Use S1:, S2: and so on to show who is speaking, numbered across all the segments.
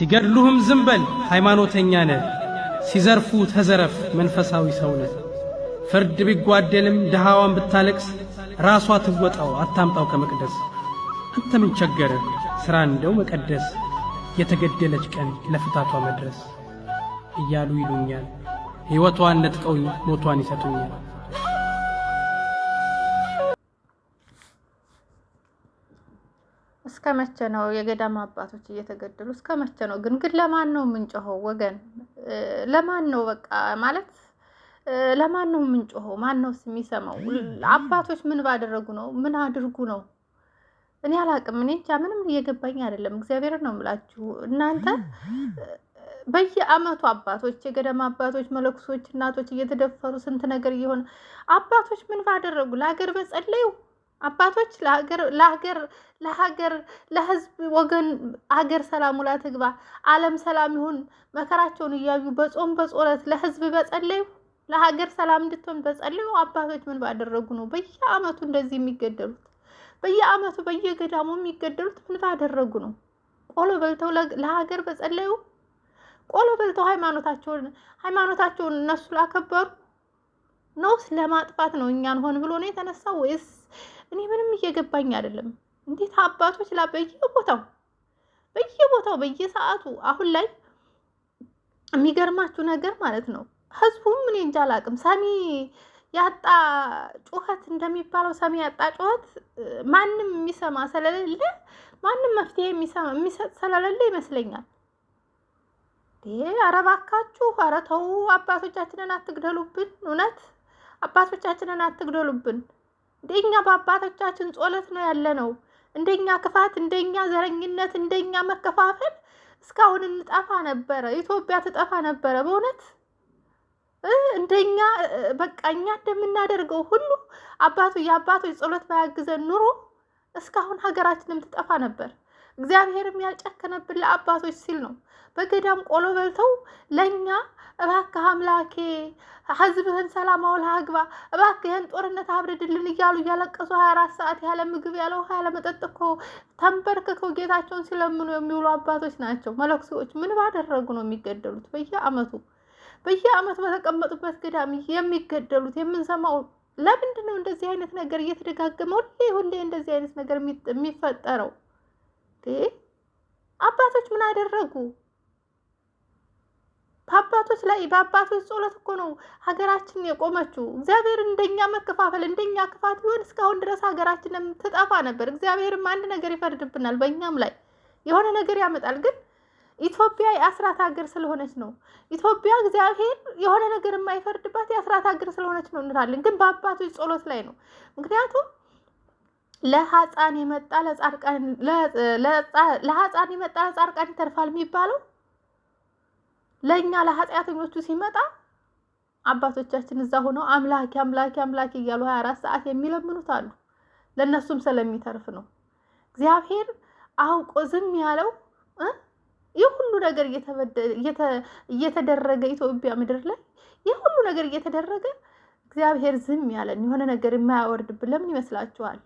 S1: ሲገድሉህም ዝም በል ሃይማኖተኛ ነህ፣ ሲዘርፉ ተዘረፍ መንፈሳዊ ሰው ነህ። ፍርድ ቢጓደልም ድሃዋን ብታለቅስ ራሷ ትወጣው አታምጣው ከመቅደስ። አንተ ምን ቸገረ ሥራ እንደው መቀደስ፣ የተገደለች ቀን ለፍታቷ መድረስ እያሉ ይሉኛል። ሕይወቷን ነጥቀውኝ ሞቷን ይሰጡኛል።
S2: እስከ መቼ ነው የገዳም አባቶች እየተገደሉ? እስከ መቼ ነው ግን? ግን ለማን ነው የምንጮኸው ወገን? ለማን ነው በቃ ማለት ለማን ነው የምንጮኸው? ማን ነው የሚሰማው? አባቶች ምን ባደረጉ ነው? ምን አድርጉ ነው? እኔ አላቅም። እኔ እንጃ ምንም እየገባኝ አይደለም። እግዚአብሔር ነው የምላችሁ እናንተ በየአመቱ አባቶች የገዳም አባቶች መለኩሶች እናቶች እየተደፈሩ ስንት ነገር እየሆነ አባቶች ምን ባደረጉ ለሀገር በጸለዩ አባቶች ለሀገር ለሀገር ለህዝብ ወገን ሀገር ሰላም ውላ ትግባ፣ ዓለም ሰላም ይሁን፣ መከራቸውን እያዩ በጾም በጾረት ለህዝብ በጸለዩ ለሀገር ሰላም እንድትሆን በጸለዩ አባቶች ምን ባደረጉ ነው በየአመቱ እንደዚህ የሚገደሉት? በየአመቱ በየገዳሙ የሚገደሉት ምን ባደረጉ ነው? ቆሎ በልተው ለሀገር በጸለዩ፣ ቆሎ በልተው ሃይማኖታቸውን ሃይማኖታቸውን እነሱ ላከበሩ ነውስ? ለማጥፋት ነው እኛን ሆን ብሎ ነው የተነሳው ወይስ እኔ ምንም እየገባኝ አይደለም። እንዴት አባቶች ላ በየቦታው በየቦታው በየሰዓቱ አሁን ላይ የሚገርማችሁ ነገር ማለት ነው ህዝቡም እኔ እንጃ አላቅም ሰሚ ያጣ ጩኸት እንደሚባለው ሰሚ ያጣ ጩኸት ማንም የሚሰማ ስለሌለ ማንም መፍትሄ የሚሰጥ ስለሌለ ይመስለኛል። ኧረ እባካችሁ፣ ተው አባቶቻችንን አትግደሉብን። እውነት አባቶቻችንን አትግደሉብን። እንደኛ በአባቶቻችን ጸሎት ነው ያለ ነው። እንደኛ ክፋት፣ እንደኛ ዘረኝነት፣ እንደኛ መከፋፈል እስካሁን እንጠፋ ነበረ። ኢትዮጵያ ትጠፋ ነበረ በእውነት እንደኛ በቃ እኛ እንደምናደርገው ሁሉ አባቱ የአባቶች ጸሎት ባያግዘን ኑሮ እስካሁን ሀገራችንም ትጠፋ ነበር። እግዚአብሔርም ያልጨከነብን ለአባቶች ሲል ነው። በገዳም ቆሎ በልተው ለእኛ እባክህ አምላኬ ህዝብህን ሰላም አውል አግባ፣ እባክህ ይህን ጦርነት አብርድልን እያሉ እያለቀሱ ሀያ አራት ሰዓት ያለ ምግብ ያለ ውሃ ያለ መጠጥ እኮ ተንበርክከው ጌታቸውን ሲለምኑ የሚውሉ አባቶች ናቸው። መለክሶዎች ምን ባደረጉ ነው የሚገደሉት? በየአመቱ በየአመቱ በተቀመጡበት ገዳም የሚገደሉት የምንሰማው ለምንድን ነው? እንደዚህ አይነት ነገር እየተደጋገመ ሁሌ ሁሌ እንደዚህ አይነት ነገር የሚፈጠረው? አባቶች ምን አደረጉ? በአባቶች ላይ በአባቶች ጸሎት እኮ ነው ሀገራችን የቆመችው። እግዚአብሔር እንደኛ መከፋፈል እንደኛ ክፋት ቢሆን እስካሁን ድረስ ሀገራችንም ትጠፋ ነበር። እግዚአብሔርም አንድ ነገር ይፈርድብናል፣ በእኛም ላይ የሆነ ነገር ያመጣል። ግን ኢትዮጵያ የአስራት ሀገር ስለሆነች ነው። ኢትዮጵያ እግዚአብሔር የሆነ ነገር የማይፈርድባት የአስራት ሀገር ስለሆነች ነው እንላለን። ግን በአባቶች ጸሎት ላይ ነው። ምክንያቱም ለሀፃን የመጣ ለጻድቃን ለሀፃን የመጣ ለጻድቃን ይተርፋል የሚባለው ለእኛ ለኃጢአተኞቹ ሲመጣ አባቶቻችን እዛ ሆነው አምላኪ አምላኬ አምላኬ እያሉ ሀያ አራት ሰዓት የሚለምኑት አሉ። ለእነሱም ስለሚተርፍ ነው። እግዚአብሔር አውቆ ዝም ያለው ይህ ሁሉ ነገር እየተደረገ ኢትዮጵያ ምድር ላይ ይህ ሁሉ ነገር እየተደረገ እግዚአብሔር ዝም ያለን የሆነ ነገር የማያወርድብን ለምን ይመስላችኋል?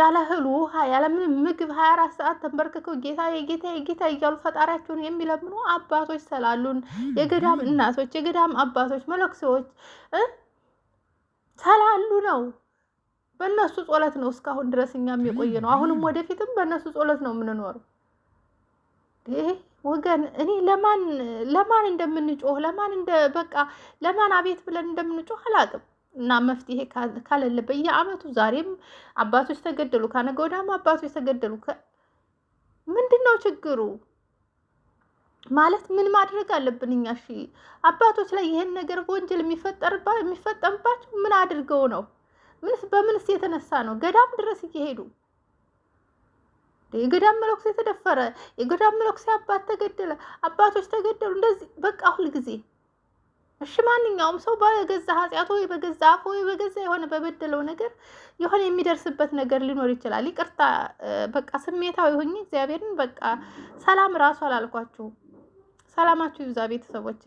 S2: ያለ እህል ውሃ ያለ ምንም ምግብ ሀያ አራት ሰዓት ተንበርክከው ጌታ የጌታ የጌታ እያሉ ፈጣሪያቸውን የሚለምኑ አባቶች ስላሉን የገዳም እናቶች፣ የገዳም አባቶች፣ መለክሴዎች ስላሉ ነው። በእነሱ ጸሎት ነው እስካሁን ድረስ እኛም የቆየ ነው። አሁንም ወደፊትም በእነሱ ጸሎት ነው የምንኖረው። ይሄ ወገን እኔ ለማን ለማን እንደምንጮህ ለማን እንደ በቃ ለማን አቤት ብለን እንደምንጮህ አላውቅም። እና መፍትሄ ካለለ በየአመቱ ዛሬም አባቶች ተገደሉ፣ ከነገ ወዲያም አባቶች ተገደሉ። ምንድን ነው ችግሩ? ማለት ምን ማድረግ አለብን እኛ? እሺ አባቶች ላይ ይሄን ነገር ወንጀል የሚፈጠምባቸው ምን አድርገው ነው? ምንስ በምንስ የተነሳ ነው? ገዳም ድረስ እየሄዱ የገዳም መነኩሴ ተደፈረ፣ የገዳም መነኩሴ አባት ተገደለ፣ አባቶች ተገደሉ። እንደዚህ በቃ ሁልጊዜ እሺ ማንኛውም ሰው በገዛ ኃጢአት ወይ በገዛ አፍ ወይ በገዛ የሆነ በበደለው ነገር የሆነ የሚደርስበት ነገር ሊኖር ይችላል። ይቅርታ በቃ ስሜታዊ ሆኝ እግዚአብሔርን በቃ ሰላም ራሱ አላልኳችሁ። ሰላማችሁ ይብዛ ቤተሰቦች።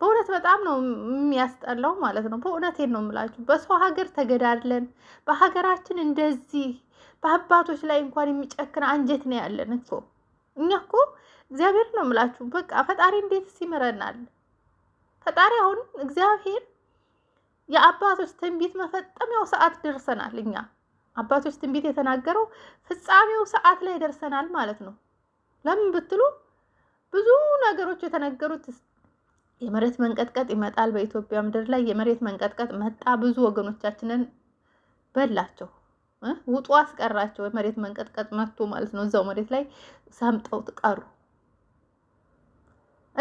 S2: በእውነት በጣም ነው የሚያስጠላው ማለት ነው። በእውነቴን ነው የምላችሁ። በሰው ሀገር ተገዳድለን በሀገራችን እንደዚህ በአባቶች ላይ እንኳን የሚጨክን አንጀት ነው ያለን እኮ እኛ እኮ እግዚአብሔር ነው የምላችሁ። በቃ ፈጣሪ እንዴት ይምረናል? ፈጣሪ አሁን እግዚአብሔር የአባቶች ትንቢት መፈጠሚያው ሰዓት ደርሰናል። እኛ አባቶች ትንቢት የተናገረው ፍጻሜው ሰዓት ላይ ደርሰናል ማለት ነው። ለምን ብትሉ ብዙ ነገሮች የተነገሩት የመሬት መንቀጥቀጥ ይመጣል። በኢትዮጵያ ምድር ላይ የመሬት መንቀጥቀጥ መጣ። ብዙ ወገኖቻችንን በላቸው፣ ውጡ አስቀራቸው። የመሬት መንቀጥቀጥ መጥቶ ማለት ነው። እዛው መሬት ላይ ሰምጠው ቀሩ።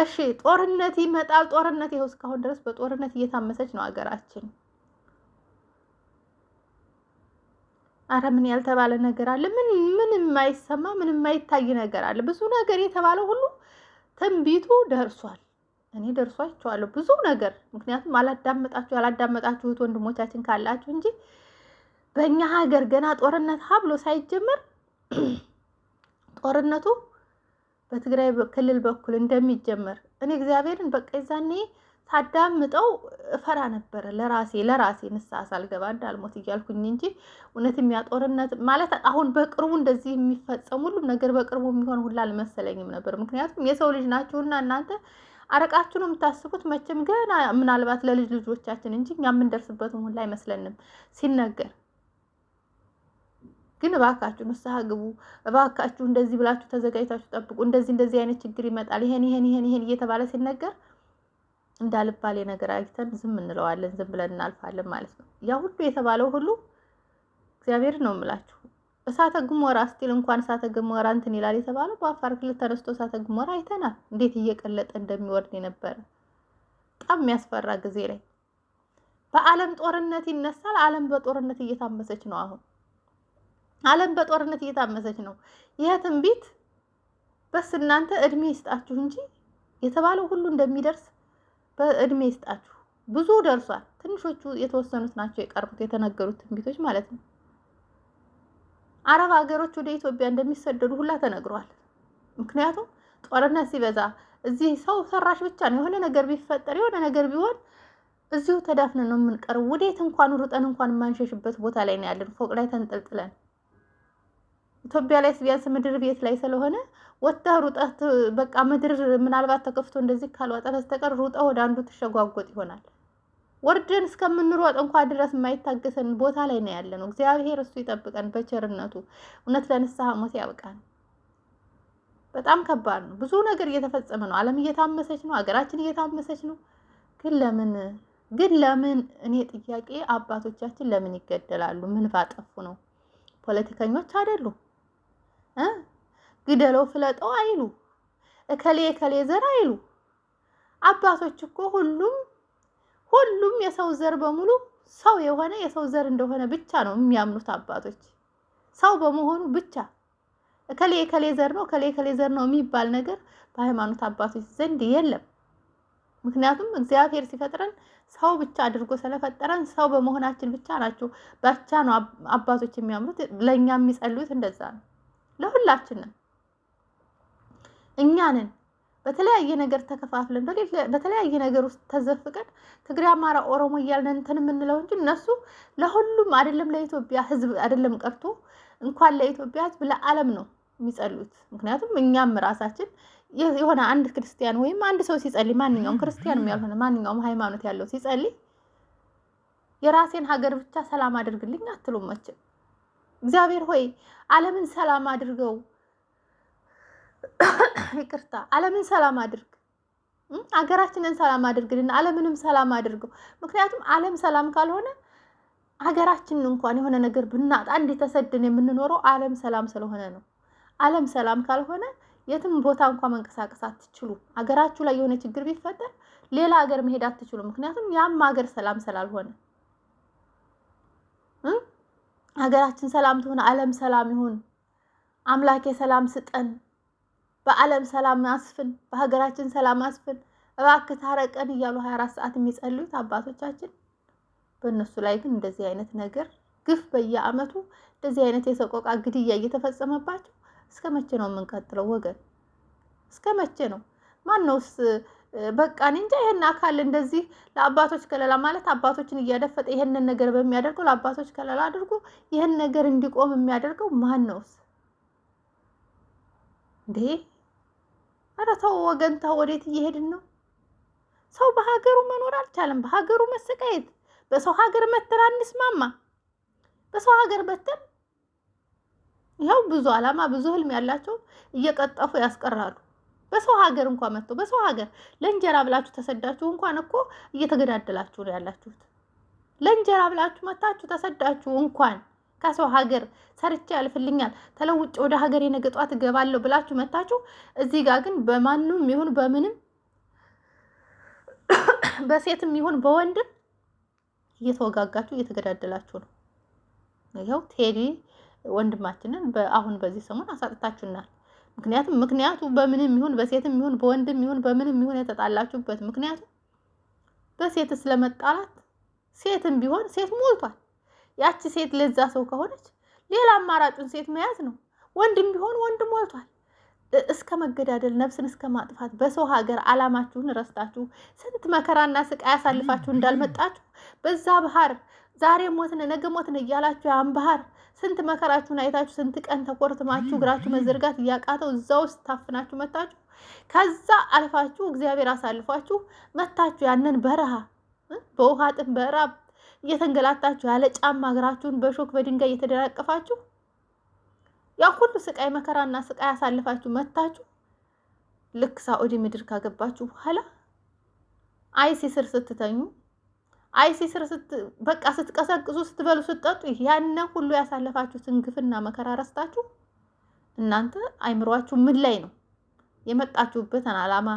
S2: እሺ ጦርነት ይመጣል። ጦርነት ይኸው እስካሁን ድረስ በጦርነት እየታመሰች ነው አገራችን። አረ ምን ያልተባለ ነገር አለ? ምን ምን የማይሰማ ምን የማይታይ ነገር አለ? ብዙ ነገር የተባለ ሁሉ ትንቢቱ ደርሷል። እኔ ደርሷቸዋለሁ ብዙ ነገር። ምክንያቱም አላዳመጣችሁ ያላዳመጣችሁት ወንድሞቻችን ካላችሁ እንጂ በእኛ ሀገር ገና ጦርነት ሀብሎ ሳይጀመር ጦርነቱ በትግራይ ክልል በኩል እንደሚጀመር እኔ እግዚአብሔርን በቃ ይዛኔ ሳዳምጠው እፈራ ነበረ። ለራሴ ለራሴ ንስሐ ሳልገባ እንዳልሞት እያልኩኝ እንጂ እውነት ያ ጦርነት ማለት አሁን በቅርቡ እንደዚህ የሚፈጸም ሁሉም ነገር በቅርቡ የሚሆን ሁላ አልመሰለኝም ነበር። ምክንያቱም የሰው ልጅ ናችሁና እናንተ አረቃችሁ ነው የምታስቡት። መቼም ገና ምናልባት ለልጅ ልጆቻችን እንጂ እኛ የምንደርስበትም ሁላ አይመስለንም ሲነገር ግን እባካችሁ ንስሐ ግቡ፣ እባካችሁ እንደዚህ ብላችሁ ተዘጋጅታችሁ ጠብቁ፣ እንደዚህ እንደዚህ አይነት ችግር ይመጣል፣ ይሄን ይሄን ይሄን ይሄን እየተባለ ሲነገር እንዳልባሌ ነገር አይተን ዝም እንለዋለን፣ ዝም ብለን እናልፋለን ማለት ነው። ያ ሁሉ የተባለው ሁሉ እግዚአብሔር ነው የምላችሁ። እሳተ ግሞራ ስቲል እንኳን እሳተ ግሞራ እንትን ይላል የተባለው በአፋር ክልል ተነስቶ እሳተ ግሞራ አይተናል፣ እንዴት እየቀለጠ እንደሚወርድ የነበረ በጣም የሚያስፈራ ጊዜ ላይ በዓለም ጦርነት ይነሳል። ዓለም በጦርነት እየታመሰች ነው አሁን። ዓለም በጦርነት እየታመሰች ነው። ይህ ትንቢት በስ እናንተ እድሜ ይስጣችሁ እንጂ የተባለው ሁሉ እንደሚደርስ በእድሜ ይስጣችሁ። ብዙ ደርሷል። ትንሾቹ የተወሰኑት ናቸው የቀርቡት የተነገሩት ትንቢቶች ማለት ነው። አረብ ሀገሮች ወደ ኢትዮጵያ እንደሚሰደዱ ሁላ ተነግሯል። ምክንያቱም ጦርነት ሲበዛ እዚህ ሰው ሰራሽ ብቻ ነው። የሆነ ነገር ቢፈጠር የሆነ ነገር ቢሆን እዚሁ ተዳፍነን ነው የምንቀርብ። ወዴት እንኳን ሩጠን እንኳን የማንሸሽበት ቦታ ላይ ነው ያለን፣ ፎቅ ላይ ተንጠልጥለን ኢትዮጵያ ላይ ቢያንስ ምድር ቤት ላይ ስለሆነ ወጥተህ ሩጠህ በቃ ምድር ምናልባት ተከፍቶ እንደዚህ ካልዋጠ በስተቀር ሩጠህ ወደ አንዱ ትሸጓጎጥ ይሆናል። ወርደን እስከምንሮጥ እንኳ ድረስ የማይታገሰን ቦታ ላይ ነው ያለ ነው። እግዚአብሔር እሱ ይጠብቀን በቸርነቱ። እውነት ለንስሐ ሞት ያብቃን። በጣም ከባድ ነው። ብዙ ነገር እየተፈጸመ ነው። ዓለም እየታመሰች ነው። ሀገራችን እየታመሰች ነው። ግን ለምን ግን ለምን እኔ ጥያቄ አባቶቻችን ለምን ይገደላሉ? ምን ባጠፉ ነው? ፖለቲከኞች አይደሉም። ግደለው ፍለጠው አይሉ እከሌ እከሌ ዘር አይሉ አባቶች እኮ ሁሉም ሁሉም የሰው ዘር በሙሉ ሰው የሆነ የሰው ዘር እንደሆነ ብቻ ነው የሚያምኑት አባቶች ሰው በመሆኑ ብቻ እከሌ እከሌ ዘር ነው እከሌ እከሌ ዘር ነው የሚባል ነገር በሃይማኖት አባቶች ዘንድ የለም። ምክንያቱም እግዚአብሔር ሲፈጥረን ሰው ብቻ አድርጎ ስለፈጠረን ሰው በመሆናችን ብቻ ናቸው ብቻ ነው አባቶች የሚያምኑት። ለእኛ የሚጸልዩት እንደዛ ነው። ለሁላችንም እኛንን በተለያየ ነገር ተከፋፍለን በተለያየ ነገር ውስጥ ተዘፍቀን ትግሬ፣ አማራ፣ ኦሮሞ እያልን እንትን የምንለው እንጂ እነሱ ለሁሉም አይደለም ለኢትዮጵያ ሕዝብ አይደለም ቀርቶ እንኳን ለኢትዮጵያ ሕዝብ ለዓለም ነው የሚጸሉት። ምክንያቱም እኛም ራሳችን የሆነ አንድ ክርስቲያን ወይም አንድ ሰው ሲጸልይ ማንኛውም ክርስቲያን ያልሆነ ማንኛውም ሃይማኖት ያለው ሲጸልይ የራሴን ሀገር ብቻ ሰላም አድርግልኝ አትሉም መቼም። እግዚአብሔር ሆይ ዓለምን ሰላም አድርገው፣ ይቅርታ ዓለምን ሰላም አድርግ፣ ሀገራችንን ሰላም አድርግልን፣ ዓለምንም ሰላም አድርገው። ምክንያቱም ዓለም ሰላም ካልሆነ ሀገራችንን እንኳን የሆነ ነገር ብናጣ እንዴ ተሰድን የምንኖረው ዓለም ሰላም ስለሆነ ነው። ዓለም ሰላም ካልሆነ የትም ቦታ እንኳን መንቀሳቀስ አትችሉ። ሀገራችሁ ላይ የሆነ ችግር ቢፈጠር ሌላ ሀገር መሄድ አትችሉ። ምክንያቱም ያም ሀገር ሰላም ስላልሆነ ሀገራችን ሰላም ትሆን፣ ዓለም ሰላም ይሁን። አምላኬ ሰላም ስጠን፣ በዓለም ሰላም አስፍን፣ በሀገራችን ሰላም አስፍን፣ እባክህ ታረቀን እያሉ ሀያ አራት ሰዓት የሚጸልዩት አባቶቻችን፣ በእነሱ ላይ ግን እንደዚህ አይነት ነገር ግፍ በየአመቱ እንደዚህ አይነት የሰቆቃ ግድያ እየተፈጸመባቸው እስከ መቼ ነው የምንቀጥለው? ወገን እስከ መቼ ነው? ማን ነውስ በቃ እኔ እንጃ ይሄን አካል እንደዚህ ለአባቶች ከለላ ማለት አባቶችን እያደፈጠ ይሄንን ነገር በሚያደርገው ለአባቶች ከለላ አድርጎ ይሄን ነገር እንዲቆም የሚያደርገው ማን ነው እንዴ? ኧረ ተው ወገን፣ ተው ወዴት እየሄድን ነው? ሰው በሀገሩ መኖር አልቻለም። በሀገሩ መሰቃየት፣ በሰው ሀገር መተን አንስማማ። በሰው ሀገር መተን ይኸው ብዙ አላማ ብዙ ህልም ያላቸው እየቀጠፉ ያስቀራሉ። በሰው ሀገር እንኳን መጥቶ በሰው ሀገር ለእንጀራ ብላችሁ ተሰዳችሁ እንኳን እኮ እየተገዳደላችሁ ነው ያላችሁት። ለእንጀራ ብላችሁ መታችሁ ተሰዳችሁ እንኳን ከሰው ሀገር ሰርቼ ያልፍልኛል ተለውጭ ወደ ሀገር የነገ ጠዋት እገባለሁ ብላችሁ መታችሁ። እዚህ ጋር ግን በማንም ይሁን በምንም በሴትም ይሁን በወንድም እየተወጋጋችሁ እየተገዳደላችሁ ነው። ይኸው ቴዲ ወንድማችንን በአሁን በዚህ ሰሞን አሳጥታችሁናል። ምክንያቱም ምክንያቱ በምንም ይሁን በሴትም ይሁን በወንድም ይሁን በምንም ይሁን የተጣላችሁበት ምክንያቱ በሴት ስለመጣላት ሴትም ቢሆን ሴት ሞልቷል። ያቺ ሴት ለዛ ሰው ከሆነች ሌላ አማራጩን ሴት መያዝ ነው። ወንድም ቢሆን ወንድ ሞልቷል። እስከ መገዳደል ነፍስን እስከ ማጥፋት በሰው ሀገር አላማችሁን ረስታችሁ ስንት መከራና ስቃይ ያሳልፋችሁ እንዳልመጣችሁ በዛ ባህር ዛሬ ሞትነ ነገ ሞትነ እያላችሁ ያን ስንት መከራችሁን አይታችሁ ስንት ቀን ተቆርትማችሁ እግራችሁ መዘርጋት እያቃተው እዛ ውስጥ ታፍናችሁ መታችሁ ከዛ አልፋችሁ እግዚአብሔር አሳልፏችሁ መታችሁ ያንን በረሃ በውሃ ጥም በራብ እየተንገላታችሁ ያለ ጫማ እግራችሁን በሾክ በድንጋይ እየተደናቀፋችሁ ያ ሁሉ ስቃይ መከራና ስቃይ አሳልፋችሁ መታችሁ ልክ ሳኡዲ ምድር ካገባችሁ በኋላ አይሲ ስር ስትተኙ አይሲ ስር በቃ ስትቀሰቅሱ ስትበሉ ስትጠጡ ያነ ሁሉ ያሳለፋችሁትን ግፍና መከራ ረስታችሁ እናንተ አይምሯችሁ ምን ላይ ነው? የመጣችሁበትን አላማ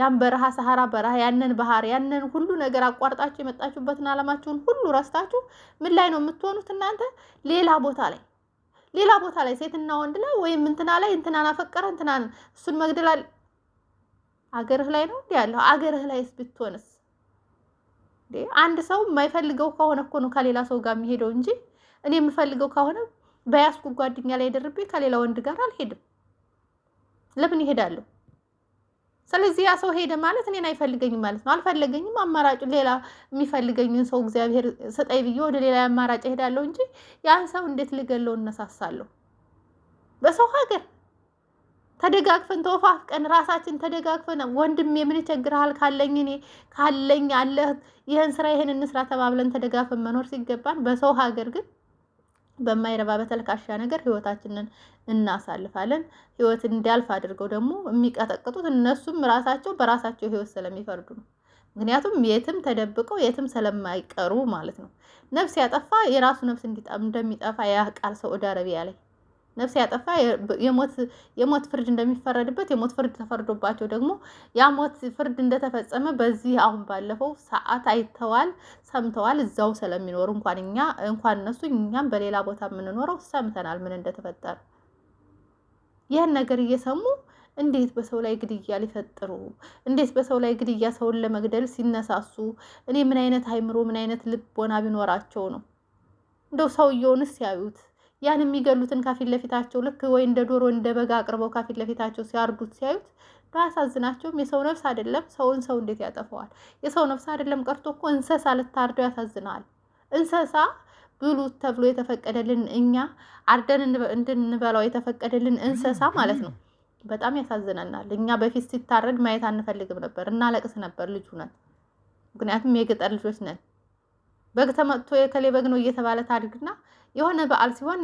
S2: ያን በረሃ ሰሐራ በረሃ ያንን ባህር ያንን ሁሉ ነገር አቋርጣችሁ የመጣችሁበትን አላማችሁን ሁሉ ረስታችሁ ምን ላይ ነው የምትሆኑት? እናንተ ሌላ ቦታ ላይ ሌላ ቦታ ላይ ሴትና ወንድ ላይ ወይም እንትና ላይ እንትናን አፈቀረ እንትናን እሱን መግደላል። አገርህ ላይ ነው ያለው። አገርህ ላይስ ብትሆንስ አንድ ሰው የማይፈልገው ከሆነ እኮ ነው ከሌላ ሰው ጋር የሚሄደው እንጂ እኔ የምፈልገው ከሆነ በያስኩ ጓደኛ ላይ ደርቤ ከሌላ ወንድ ጋር አልሄድም። ለምን ይሄዳለሁ? ስለዚህ ያ ሰው ሄደ ማለት እኔን አይፈልገኝም ማለት ነው። አልፈለገኝም፣ አማራጭ ሌላ የሚፈልገኝን ሰው እግዚአብሔር ስጠይ ብዬ ወደ ሌላ አማራጭ እሄዳለሁ እንጂ ያን ሰው እንዴት ልገለው እነሳሳለሁ በሰው ሀገር ተደጋግፈን ተወፋፍቀን ራሳችን ተደጋግፈን ወንድም የምን ቸግርሃል ካለኝ እኔ ካለኝ አለ ይህን ስራ ይህን እንስራ ተባብለን ተደጋግፈን መኖር ሲገባን በሰው ሀገር ግን በማይረባ በተልካሻ ነገር ህይወታችንን እናሳልፋለን። ህይወት እንዲያልፍ አድርገው ደግሞ የሚቀጠቅጡት እነሱም ራሳቸው በራሳቸው ህይወት ስለሚፈርዱ ነው። ምክንያቱም የትም ተደብቀው የትም ስለማይቀሩ ማለት ነው። ነፍስ ያጠፋ የራሱ ነፍስ እንደሚጠፋ ያውቃል ሰው ዑድ አረቢያ ላይ ነፍስ ያጠፋ የሞት ፍርድ እንደሚፈረድበት የሞት ፍርድ ተፈርዶባቸው ደግሞ ያ ሞት ፍርድ እንደተፈጸመ በዚህ አሁን ባለፈው ሰዓት አይተዋል፣ ሰምተዋል። እዛው ስለሚኖሩ እንኳን እኛ እንኳን እነሱ እኛም በሌላ ቦታ የምንኖረው ሰምተናል ምን እንደተፈጠረ። ይህን ነገር እየሰሙ እንዴት በሰው ላይ ግድያ ሊፈጥሩ፣ እንዴት በሰው ላይ ግድያ ሰውን ለመግደል ሲነሳሱ፣ እኔ ምን አይነት አይምሮ ምን አይነት ልቦና ቢኖራቸው ነው እንደው ሰውየውንስ ያዩት ያን የሚገሉትን ከፊት ለፊታቸው ልክ ወይ እንደ ዶሮ እንደ በጋ አቅርበው ከፊት ለፊታቸው ሲያርዱት ሲያዩት ባያሳዝናቸውም የሰው ነፍስ አይደለም ሰውን ሰው እንዴት ያጠፈዋል? የሰው ነፍስ አይደለም ቀርቶ እኮ እንሰሳ ልታርደው ያሳዝናል። እንሰሳ ብሉት ተብሎ የተፈቀደልን እኛ አርደን እንድንበላው የተፈቀደልን እንሰሳ ማለት ነው። በጣም ያሳዝነናል። እኛ በፊት ሲታረድ ማየት አንፈልግም ነበር፣ እናለቅስ ነበር ልጁ ነን። ምክንያቱም የገጠር ልጆች ነን። በግ ተመጥቶ የከሌ በግ ነው እየተባለ ታድግና የሆነ በዓል ሲሆን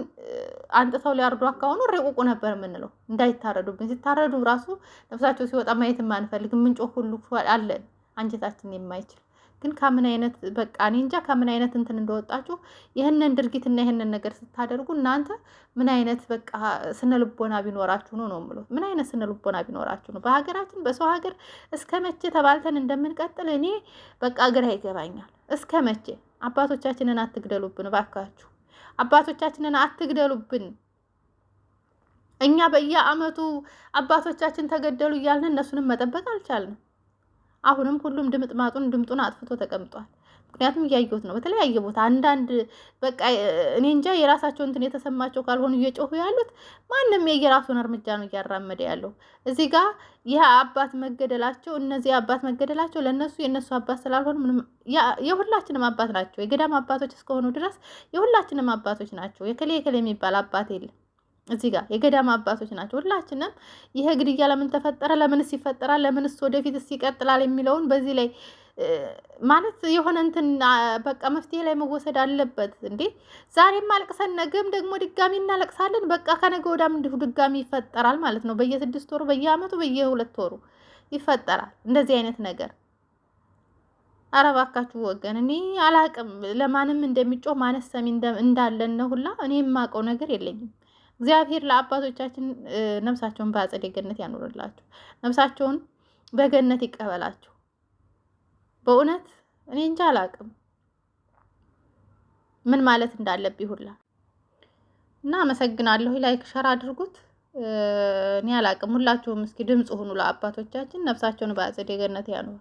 S2: አንጥተው ሊያርዱ ከሆኑ ሪቁቁ ነበር የምንለው እንዳይታረዱብን። ሲታረዱ ራሱ ነፍሳቸው ሲወጣ ማየት የማንፈልግ ምንጮ ሁሉ አለን አንጀታችን የማይችል ግን ከምን አይነት በቃ እኔ እንጃ ከምን አይነት እንትን እንደወጣችሁ ይህንን ድርጊትና ይህንን ነገር ስታደርጉ እናንተ ምን አይነት በቃ ስነ ልቦና ቢኖራችሁ ነው ነው የምለው። ምን አይነት ስነ ልቦና ቢኖራችሁ ነው? በሀገራችን በሰው ሀገር እስከ መቼ ተባልተን እንደምንቀጥል እኔ በቃ ግራ ይገባኛል። እስከ መቼ አባቶቻችንን አትግደሉብን ባካችሁ። አባቶቻችንን አትግደሉብን። እኛ በየአመቱ አባቶቻችን ተገደሉ እያልን እነሱንም መጠበቅ አልቻልንም። አሁንም ሁሉም ድምጥማጡን ድምጡን አጥፍቶ ተቀምጧል። ምክንያቱም እያየሁት ነው በተለያየ ቦታ አንዳንድ በቃ እኔ እንጃ የራሳቸው እንትን የተሰማቸው ካልሆኑ እየጮሁ ያሉት ማንም የየራሱን እርምጃ ነው እያራመደ ያለው። እዚህ ጋር ይህ አባት መገደላቸው እነዚህ አባት መገደላቸው ለእነሱ የእነሱ አባት ስላልሆኑ ምንም የሁላችንም አባት ናቸው። የገዳም አባቶች እስከሆኑ ድረስ የሁላችንም አባቶች ናቸው። የከሌ የከሌ የሚባል አባት የለም። እዚህ ጋር የገዳም አባቶች ናቸው። ሁላችንም ይሄ ግድያ ለምን ተፈጠረ፣ ለምንስ ይፈጠራል፣ ለምንስ ወደፊትስ ይቀጥላል የሚለውን በዚህ ላይ ማለት የሆነ እንትን በቃ መፍትሄ ላይ መወሰድ አለበት እንዴ! ዛሬም አልቅሰን ነገም ደግሞ ድጋሚ እናለቅሳለን። በቃ ከነገ ወዳም እንዲሁ ድጋሚ ይፈጠራል ማለት ነው። በየስድስት ወሩ፣ በየአመቱ፣ በየሁለት ወሩ ይፈጠራል እንደዚህ አይነት ነገር። ኧረ እባካችሁ ወገን፣ እኔ አላቅም ለማንም እንደሚጮህ ማነስ ሰሚ እንዳለን ነው ሁላ እኔ የማውቀው ነገር የለኝም። እግዚአብሔር ለአባቶቻችን ነፍሳቸውን በአጸደ ገነት ያኖርላችሁ፣ ነፍሳቸውን በገነት ይቀበላችሁ። በእውነት እኔ እንጃ አላቅም ምን ማለት እንዳለብኝ ሁላ እና አመሰግናለሁ። ላይክ ሸር አድርጉት። እኔ አላቅም። ሁላችሁም እስኪ ድምፅ ሁኑ ለአባቶቻችን፣ ነፍሳቸውን በአጸደ ገነት ያኑር።